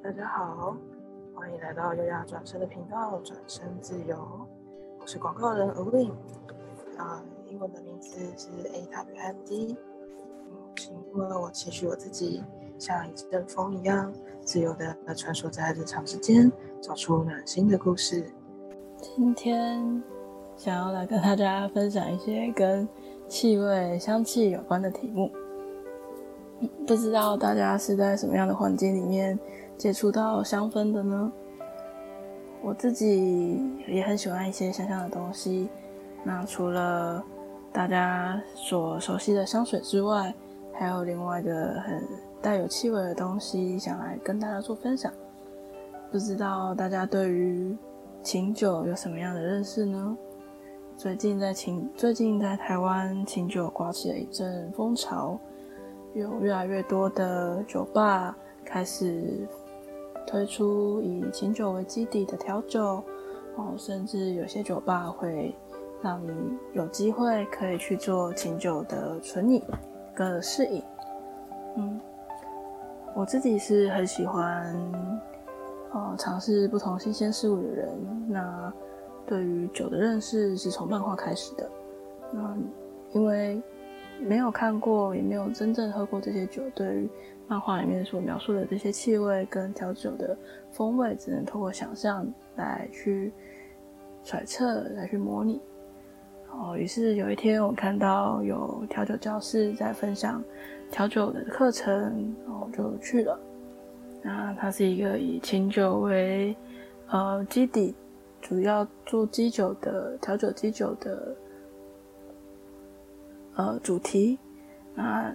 大家好，歡迎來到優雅轉身的頻道，轉身自由。我是廣告人歐麗，啊，英文的名字是 Awind。是因為我期許我自己像一陣風一樣，自由的穿梭在日常之間，找出暖心的故事。今天想要來跟大家分享一些跟氣味、香氣有關的題目。不知道大家是在什麼樣的環境裡面接觸到香氛的呢？我自己也很喜歡一些香香的東西。那除了大家所熟悉的香水之外，還有另外一個很帶有氣味的東西，想來跟大家做分享。不知道大家對於琴酒有什麼樣的認識呢？最近在琴，最近在台灣，琴酒刮起了一陣風潮。有越來越多的酒吧開始推出以琴酒為基底的調酒，然後，嗯，甚至有些酒吧會讓你有機會可以去做琴酒的純飲、跟試飲。嗯，我自己是很喜歡嘗試、嗯、不同新鮮事物的人。那對於酒的認識是從漫畫開始的，那、嗯、因為。沒有看過，也沒有真正喝過這些酒。對於漫畫裡面所描述的這些氣味跟調酒的風味，只能透過想象來去揣測，來去模擬。哦，於是有一天我看到有調酒教室在分享調酒的課程，然、哦、後就去了。那它是一個以清酒為呃基底，主要做基酒的調酒基酒的。調酒基酒的呃，主題，那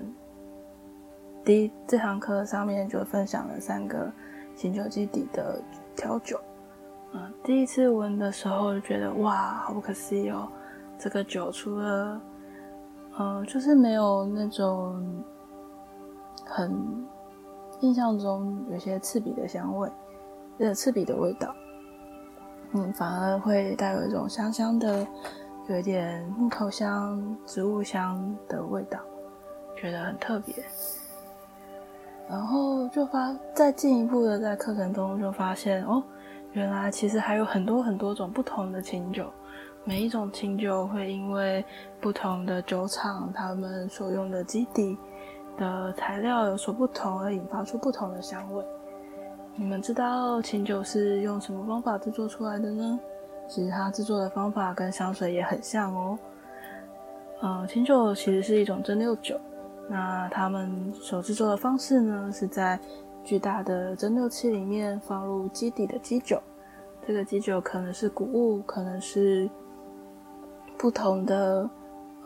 第一這堂課上面就分享了三個琴酒基底的調酒。嗯、呃，第一次聞的時候就覺得哇，好不可思議哦！這個酒除了，嗯、呃，就是沒有那種很印象中有些刺鼻的香味，有點刺鼻的味道，嗯，反而會帶有一種香香的。有點木頭香、植物香的味道，覺得很特別。然後就發再進一步的，在課程中就發現哦，原來其實還有很多很多種不同的琴酒，每一種琴酒會因為不同的酒廠他們所用的基底的材料有所不同，而引發出不同的香味。你們知道琴酒是用什麼方法制作出來的呢？其實它製作的方法跟香水也很像哦、喔。嗯、呃，琴酒其實是一種蒸餾酒。那他們所製作的方式呢，是在巨大的蒸餾器裡面放入基底的基酒。這個基酒可能是穀物，可能是不同的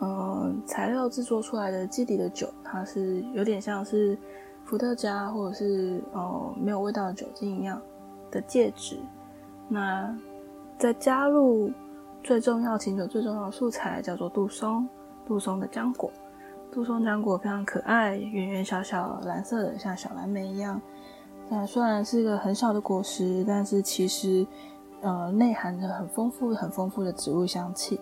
嗯、呃、材料製作出來的基底的酒，它是有點像是伏特加或者是呃沒有味道的酒精一樣的介質。那再加入最重要琴酒最重要的素材，叫做杜松。杜松的漿果，杜松漿果非常可愛，圓圓小小，藍色的，像小藍莓一樣。那雖然是一個很小的果實，但是其實，呃，內含着很豐富、很豐富的植物香氣。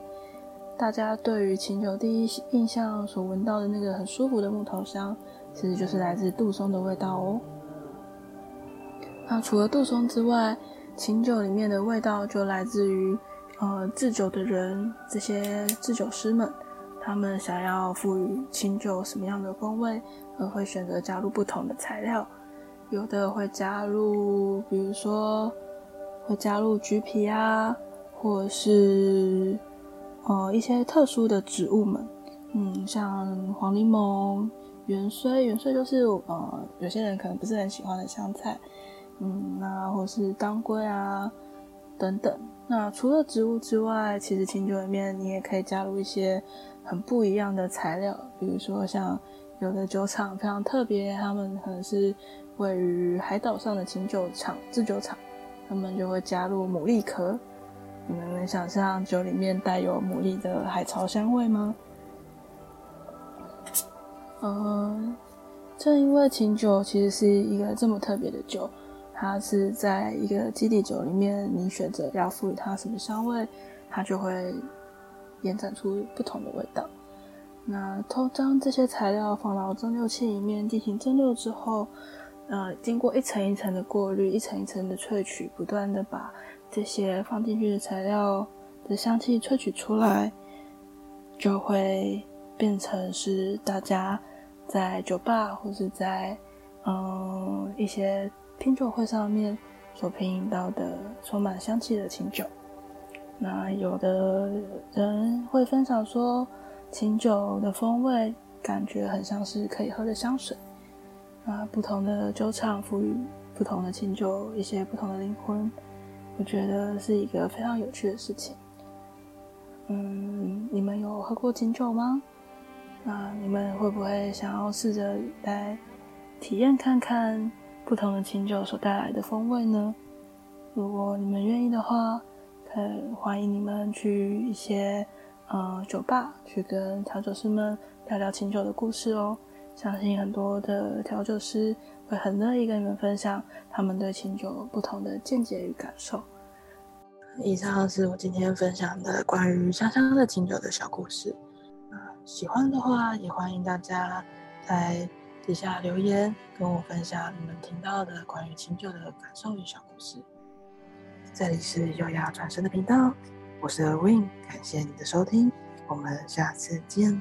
大家對於琴酒第一印象所聞到的那個很舒服的木頭香，其實就是來自杜松的味道哦。那除了杜松之外，清酒裡面的味道就來自於，呃，製酒的人，這些製酒師們，他們想要賦予琴酒什麼樣的風味，而會選擇加入不同的材料。有的會加入，比如說，會加入橘皮啊，或是，呃，一些特殊的植物們。嗯，像黃檸檬、芫荽、芫荽就是，呃，有些人可能不是很喜歡的香菜。嗯，那或是當歸啊，等等。那除了植物之外，其實琴酒裡面你也可以加入一些很不一樣的材料，比如說像有的酒廠非常特別，他們可能是位於海島上的琴酒廠、製酒廠，他們就會加入牡蠣殼。你們能想象酒裡面帶有牡蠣的海潮香味嗎？嗯、呃，正因為琴酒其實是一個這麼特別的酒。它是在一個基底酒裡面，你選擇要賦予它什麼香味，它就會延展出不同的味道。那通常這些材料放到蒸餾器裡面進行蒸餾之後，呃，經過一層一層的過濾，一層一層的萃取，不斷的把這些放進去的材料的香氣萃取出來，就會變成是大家在酒吧或是在嗯一些。品酒會上面所品飲到的充滿香氣的琴酒，那有的人會分享說，琴酒的風味感覺很像是可以喝的香水。啊，不同的酒廠賦予不同的琴酒一些不同的靈魂，我覺得是一個非常有趣的事情。嗯，你們有喝過琴酒嗎？啊，你們會不會想要試着來體驗看看？不同的琴酒所帶來的風味呢？如果你們願意的話，可以歡迎你們去一些呃酒吧，去跟調酒師們聊聊琴酒的故事哦。相信很多的調酒師會很樂意跟你們分享他們對琴酒不同的見解與感受。以上是我今天分享的關於香香的琴酒的小故事。啊、呃，喜歡的話也歡迎大家在。底下留言跟我分享你們聽到的關於琴酒的感受與小故事。這裡是優雅轉身的頻道，我是 Awind，感謝你的收聽，我們下次見。